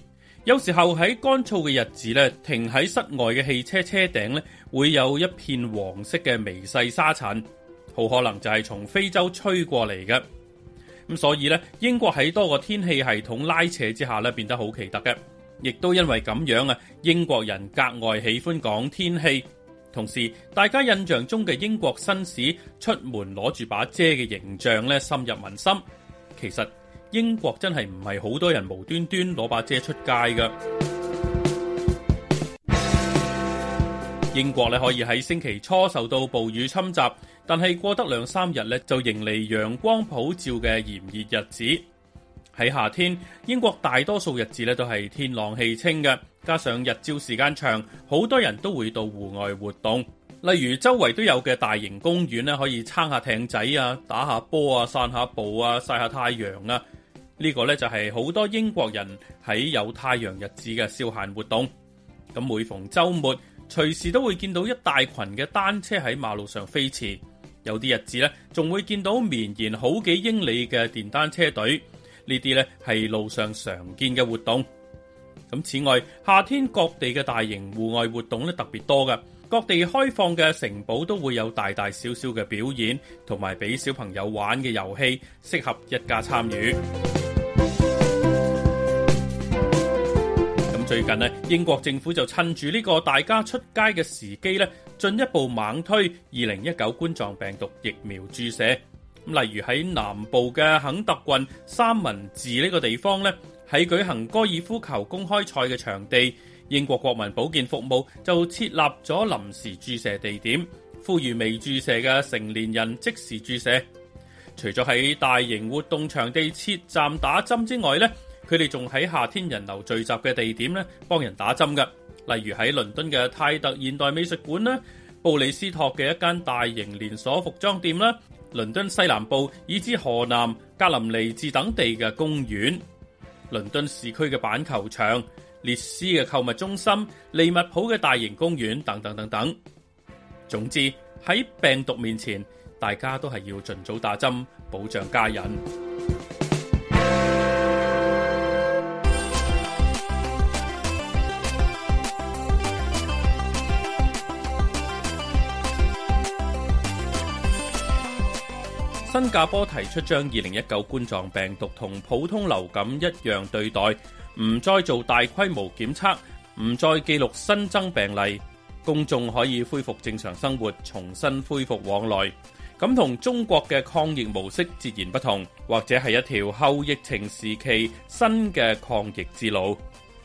有時候喺乾燥嘅日子呢，停喺室外嘅汽車車頂呢，會有一片黃色嘅微細沙塵，好可能就係從非洲吹過嚟嘅。咁所以呢，英國喺多個天氣系統拉扯之下呢，變得好奇特嘅，亦都因為咁樣啊，英國人格外喜歡講天氣。同時，大家印象中嘅英國紳士出門攞住把遮嘅形象咧，深入民心。其實英國真係唔係好多人無端端攞把遮出街㗎。英國咧可以喺星期初受到暴雨侵襲，但係過得兩三日咧就迎嚟陽光普照嘅炎熱日子。喺夏天，英國大多數日子咧都係天朗氣清嘅，加上日照時間長，好多人都會到戶外活動，例如周圍都有嘅大型公園咧，可以撐下艇仔啊、打下波啊、散下步啊、曬下太陽啊。呢個呢，就係好多英國人喺有太陽日子嘅消閒活動。咁每逢週末，隨時都會見到一大群嘅單車喺馬路上飛馳，有啲日子呢，仲會見到綿延好幾英里嘅電單車隊。呢啲咧係路上常見嘅活動。咁此外，夏天各地嘅大型戶外活動咧特別多嘅，各地開放嘅城堡都會有大大小小嘅表演，同埋俾小朋友玩嘅遊戲，適合一家參與。咁最近咧，英國政府就趁住呢個大家出街嘅時機咧，進一步猛推二零一九冠狀病毒疫苗注射。例如喺南部嘅肯特郡三文治呢個地方，呢喺舉行高爾夫球公開賽嘅場地，英國國民保健服務就設立咗臨時注射地點，呼籲未注射嘅成年人即時注射。除咗喺大型活動場地設站打針之外呢，佢哋仲喺夏天人流聚集嘅地點，呢幫人打針，噶，例如喺倫敦嘅泰特現代美術館啦，布里斯托嘅一間大型連鎖服裝店啦。倫敦西南部以至河南、格林尼治等地嘅公園、倫敦市區嘅板球場、列斯嘅購物中心、利物浦嘅大型公園等等等等。總之，喺病毒面前，大家都係要盡早打針，保障家人。新加坡提出將2019冠狀病毒同普通流感一樣對待，唔再做大規模檢測，唔再記錄新增病例，公眾可以恢復正常生活，重新恢復往來。咁同中國嘅抗疫模式截然不同，或者係一條後疫情時期新嘅抗疫之路。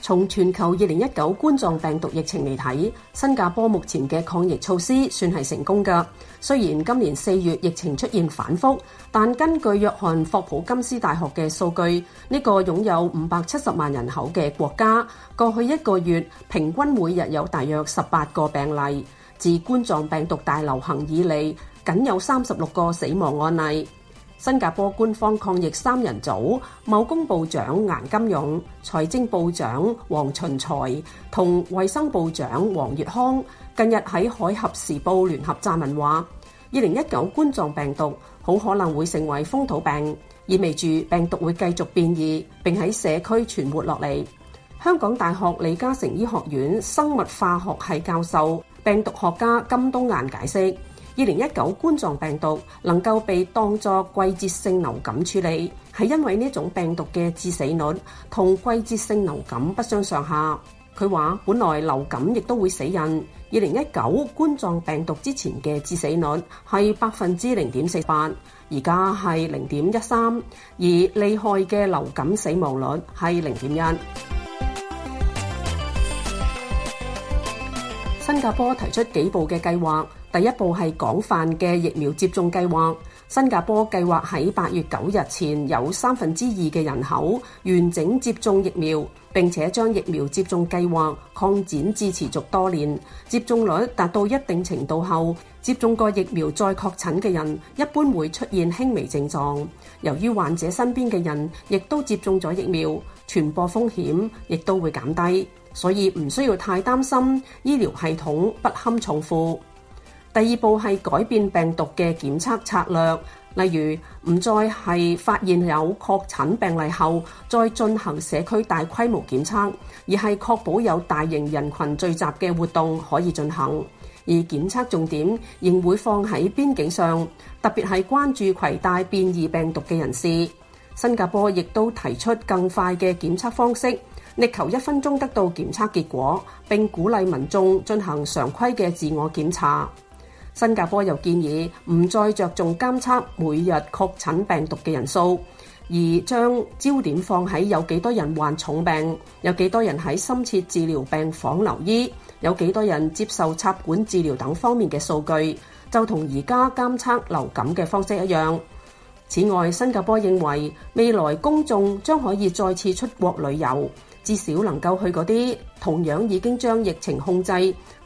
從全球2019冠狀病毒疫情嚟睇，新加坡目前嘅抗疫措施算係成功㗎。雖然今年4月疫情出現反復，但根據約翰霍普金斯大學嘅數據，呢個擁有570萬人口嘅國家，過去一個月，平均每日有大約18個病例，自冠狀病毒大流行以嚟，僅有36個死亡案例。新加坡官方抗疫三人組貿工部長顏金勇、財政部長黃循財同衛生部長王乙康近日喺《海峽時報》聯合撰文話，二零一九冠狀病毒好可能會成為風土病，意味住病毒會繼續變異並喺社區存活落嚟。香港大學李嘉誠醫學院生物化學系教授、病毒學家金冬雁解釋。二零一九冠狀病毒能夠被當作季節性流感處理，係因為呢種病毒嘅致死率同季節性流感不相上下。佢話本來流感亦都會死人，二零一九冠狀病毒之前嘅致死率係百分之零點四八，而家係零點一三，而厲害嘅流感死亡率係零點一。新加坡提出幾步嘅計劃，第一步係廣泛嘅疫苗接種計劃。新加坡計劃喺八月九日前有三分之二嘅人口完整接種疫苗，並且將疫苗接種計劃擴展至持續多年。接種率達到一定程度後，接種過疫苗再確診嘅人一般會出現輕微症狀。由於患者身邊嘅人亦都接種咗疫苗，傳播風險亦都會減低。所以唔需要太擔心醫療系統不堪重負。第二步係改變病毒嘅檢測策略，例如唔再係發現有確診病例後再進行社區大規模檢測，而係確保有大型人群聚集嘅活動可以進行。而檢測重點仍會放喺邊境上，特別係關注攜帶變異病毒嘅人士。新加坡亦都提出更快嘅檢測方式。力求一分鐘得到檢測結果，並鼓勵民眾進行常規嘅自我檢查。新加坡又建議唔再着重監測每日確診病毒嘅人數，而將焦點放喺有幾多人患重病、有幾多人喺深切治療病房留醫、有幾多人接受插管治療等方面嘅數據，就同而家監測流感嘅方式一樣。此外，新加坡認為未來公眾將可以再次出國旅遊。至少能夠去嗰啲同樣已經將疫情控制、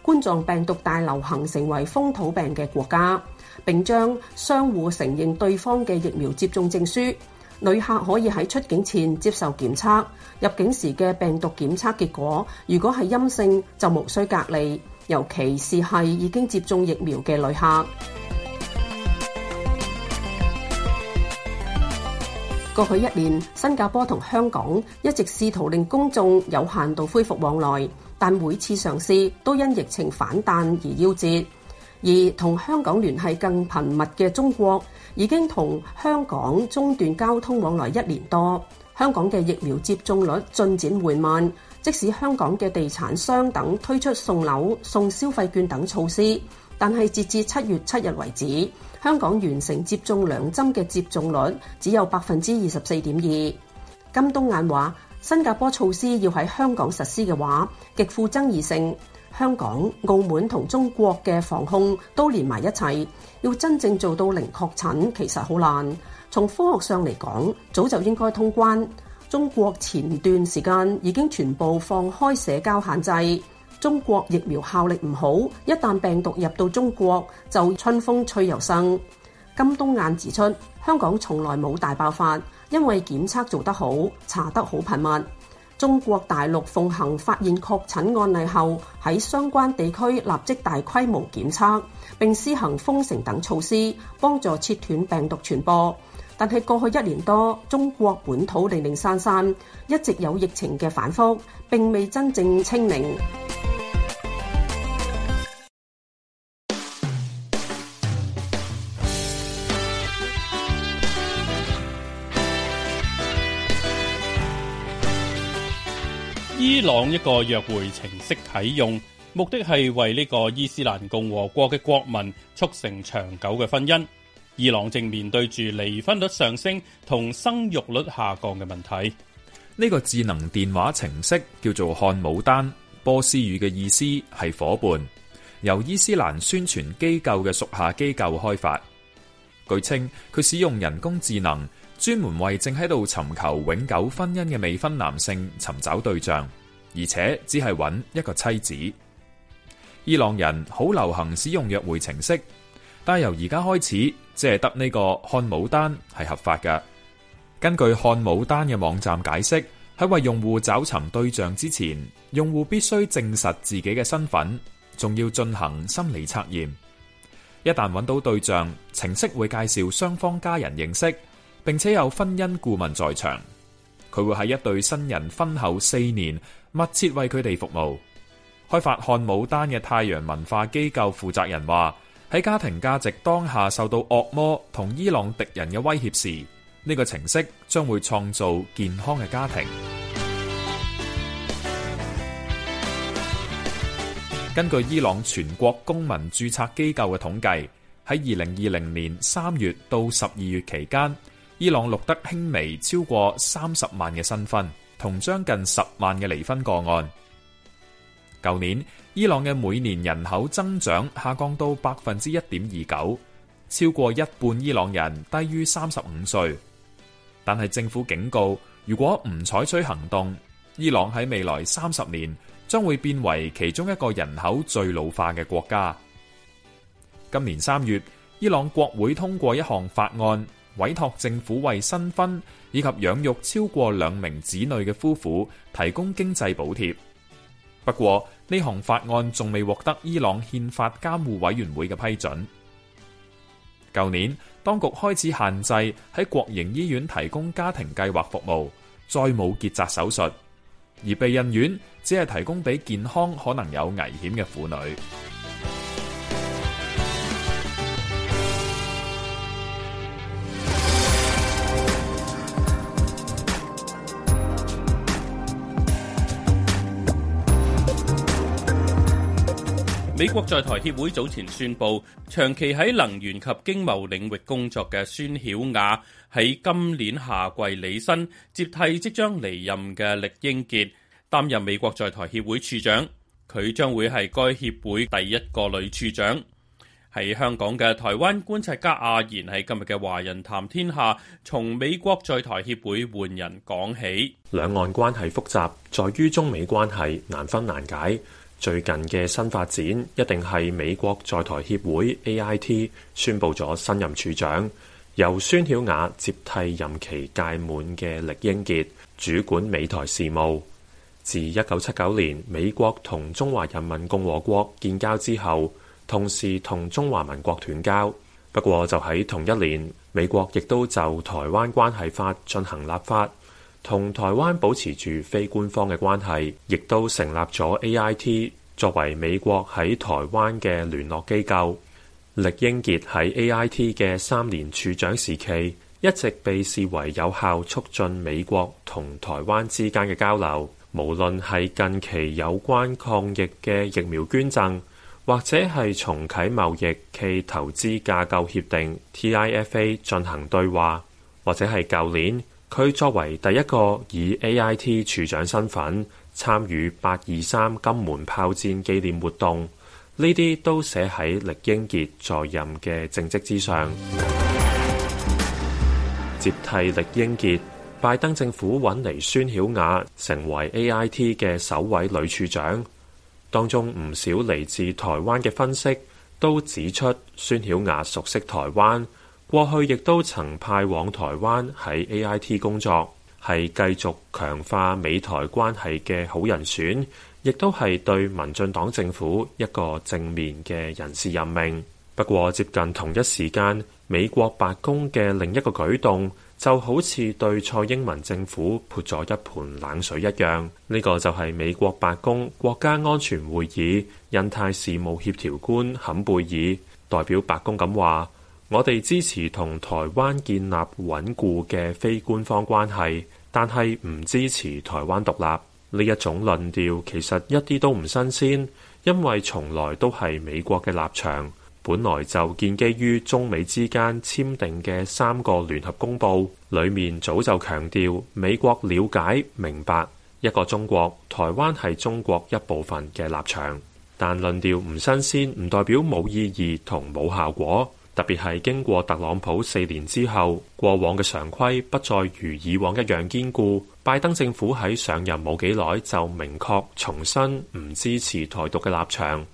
冠狀病毒大流行成為風土病嘅國家，並將相互承認對方嘅疫苗接種證書。旅客可以喺出境前接受檢測，入境時嘅病毒檢測結果如果係陰性，就無需隔離，尤其是係已經接種疫苗嘅旅客。過去一年，新加坡同香港一直試圖令公眾有限度恢復往來，但每次嘗試都因疫情反彈而夭折。而同香港聯繫更頻密嘅中國，已經同香港中斷交通往來一年多。香港嘅疫苗接種率進展緩慢，即使香港嘅地產商等推出送樓、送消費券等措施，但係截至七月七日為止，香港完成接種兩針嘅接種率只有百分之二十四點二。金冬雁話：新加坡措施要喺香港實施嘅話，極富爭議性。香港、澳門同中國嘅防控都連埋一齊，要真正做到零確診其實好難。從科學上嚟講，早就應該通關。中國前段時間已經全部放開社交限制。中國疫苗效力唔好，一旦病毒入到中國就春風吹又生。金冬雁指出，香港從來冇大爆發，因為檢測做得好，查得好頻密。中國大陸奉行發現確診案例後喺相關地區立即大規模檢測，並施行封城等措施，幫助切斷病毒傳播。但係過去一年多，中國本土零零散散一直有疫情嘅反覆，並未真正清零。朗一個約會程式啟用，目的係為呢個伊斯蘭共和國嘅國民促成長久嘅婚姻。伊朗正面對住離婚率上升同生育率下降嘅問題。呢個智能電話程式叫做漢姆丹，波斯語嘅意思係夥伴，由伊斯蘭宣傳機構嘅屬下機構開發。據稱，佢使用人工智能，專門為正喺度尋求永久婚姻嘅未婚男性尋找對象。而且只係揾一個妻子。伊朗人好流行使用約會程式，但係由而家開始，只係得呢個漢姆丹係合法嘅。根據漢姆丹嘅網站解釋，喺為用戶找尋對象之前，用戶必須證實自己嘅身份，仲要進行心理測驗。一旦揾到對象，程式會介紹雙方家人認識，並且有婚姻顧問在場。佢會喺一對新人婚後四年密切為佢哋服務。開發漢姆丹嘅太陽文化機構負責人話：喺家庭價值當下受到惡魔同伊朗敵人嘅威脅時，呢、呢個程式將會創造健康嘅家庭。根據伊朗全國公民註冊機構嘅統計，喺二零二零年三月到十二月期間，伊朗錄得輕微超過三十萬嘅新婚。同將近十萬嘅離婚個案。舊年，伊朗嘅每年人口增長下降到百分之一點二九，超過一半伊朗人低於三十五歲。但係政府警告，如果唔採取行動，伊朗喺未來三十年將會變為其中一個人口最老化嘅國家。今年三月，伊朗國會通過一項法案，委託政府為新婚。以及養育超過兩名子女嘅夫婦提供經濟補貼。不過呢項法案仲未獲得伊朗憲法監護委員會嘅批准。舊年當局開始限制喺國營醫院提供家庭計劃服務，再冇結紮手術，而避孕丸只係提供俾健康可能有危險嘅婦女。美國在台協會早前宣佈，長期喺能源及經貿領域工作嘅孫曉雅喺今年夏季履新，接替即將離任嘅酈英傑擔任美國在台協會處長。佢將會係該協會第一個女處長。喺香港嘅台灣觀察家阿賢喺今日嘅《華人談天下》從美國在台協會換人講起。兩岸關係複雜，在於中美關係難分難解。最近嘅新發展，一定係美國在台協會 AIT 宣布咗新任處長，由孫曉雅接替任期屆滿嘅酈英傑主管美台事務。自一九七九年美國同中華人民共和國建交之後，同時同中華民國斷交。不過就喺同一年，美國亦都就台灣關係法進行立法。同台灣保持住非官方嘅關係，亦都成立咗 AIT 作為美國喺台灣嘅聯絡機構。酈英傑喺 AIT 嘅三年處長時期，一直被視為有效促進美國同台灣之間嘅交流，無論係近期有關抗疫嘅疫苗捐贈，或者係重啟貿易暨投資架構協定 （TIFA） 進行對話，或者係舊年。佢作為第一個以 AIT 處長身份參與八二三金門炮戰紀念活動，呢啲都寫喺酈英傑在任嘅政績之上。 接替酈英傑，拜登政府揾嚟孫曉雅成為 AIT 嘅首位女處長，當中唔少嚟自台灣嘅分析都指出孫曉雅熟悉台灣。過去亦都曾派往台灣喺 AIT 工作，係繼續強化美台關係嘅好人選，亦都係對民進黨政府一個正面嘅人事任命。不過接近同一時間，美國白宮嘅另一個舉動，就好似對蔡英文政府潑咗一盆冷水一樣。呢、這個就係美國白宮國家安全會議印太事務協調官坎貝爾代表白宮咁話。我哋支持同台灣建立穩固嘅非官方關係，但係唔支持台灣獨立。呢一種論調，其實一啲都唔新鮮，因為從來都係美國嘅立場，本來就建基於中美之間簽訂嘅三個聯合公報裏面，早就強調美國了解明白一個中國，台灣係中國一部分嘅立場。但論調唔新鮮，唔代表冇意義同冇效果。特別係經過特朗普四年之後，過往嘅常規不再如以往一樣堅固。拜登政府喺上任冇幾耐就明確重申唔支持台獨嘅立場，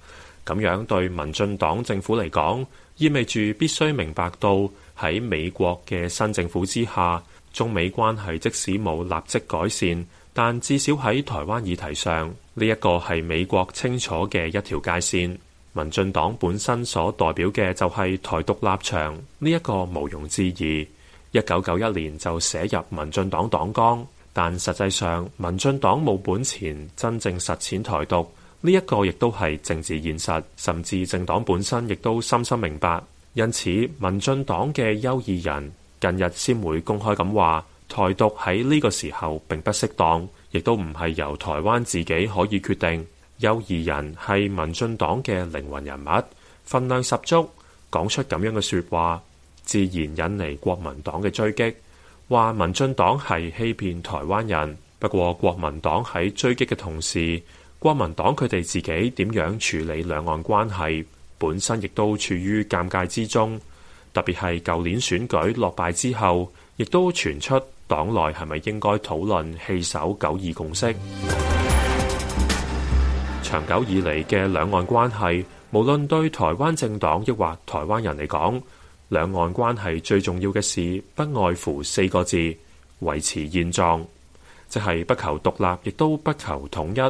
咁樣對民進黨政府嚟講，意味住必須明白到喺美國嘅新政府之下，中美關係即使冇立即改善，但至少喺台灣議題上，呢一個係美國清楚嘅一條界線。民進黨本身所代表嘅就係台獨立場，呢一個毋庸置疑。一九九一年就寫入民進黨黨綱，但實際上民進黨冇本錢真正實踐台獨，呢一個亦都係政治現實，甚至政黨本身亦都深深明白。因此，民進黨嘅優異人近日先會公開咁話，台獨喺呢個時候並不適當，亦都唔係由台灣自己可以決定。邱義仁係民進黨嘅靈魂人物，份量十足，講出咁樣嘅說話，自然引嚟國民黨嘅追擊，話民進黨係欺騙台灣人。不過國民黨喺追擊嘅同時，國民黨佢哋自己點樣處理兩岸關係，本身亦都處於尷尬之中。特別係舊年選舉落敗之後，亦都傳出黨內係咪應該討論棄守九二共識？長久以來嘅兩岸關係，無論對台灣政黨抑或台灣人嚟講，兩岸關係最重要嘅事不外乎四個字：維持現狀，即係不求獨立，亦都不求統一。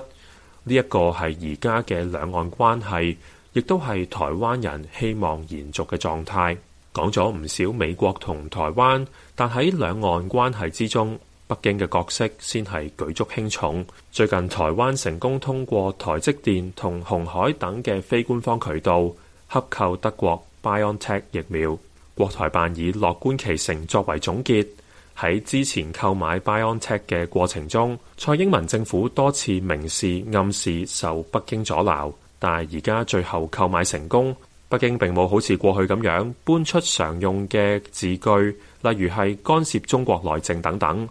呢一個係而家嘅兩岸關係，亦都係台灣人希望延續嘅狀態。講咗唔少美國同台灣，但喺兩岸關係之中。北京嘅角色先係舉足輕重。最近台灣成功通過台積電同鴻海等嘅非官方渠道洽購德國 Biontech 疫苗。國台辦以樂觀其成作為總結。喺之前購買 Biontech 嘅過程中，蔡英文政府多次明示暗示受北京阻撓，但係而家最後購買成功，北京並冇好似過去咁樣搬出常用嘅字句，例如係干涉中國內政等等。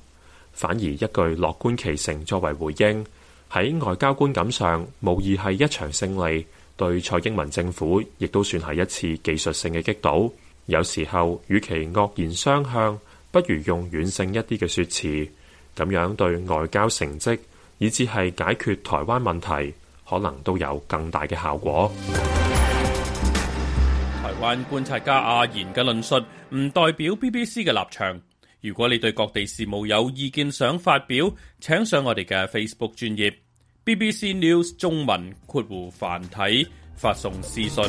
反而一句樂觀其成作為回應，喺外交觀感上無疑係一場勝利，對蔡英文政府亦都算係一次技術性嘅擊倒。有時候與其惡言相向，不如用軟性一啲嘅說辭，咁樣對外交成績，以至係解決台灣問題，可能都有更大嘅效果。台灣觀察家阿賢嘅論述唔代表 BBC 嘅立場。如果你對各地事務有意見想發表，請上我哋嘅 Facebook 專頁 BBC News 中文括弧繁體發送私信。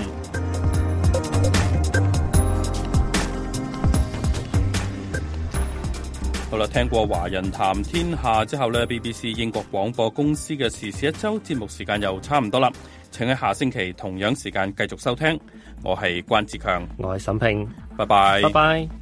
好啦，聽過華人談天下之後呢，BBC 英國廣播公司嘅時事一周節目時間又差唔多啦，請喺下星期同樣時間繼續收聽。我係關志強，我係沈平，拜拜，拜拜。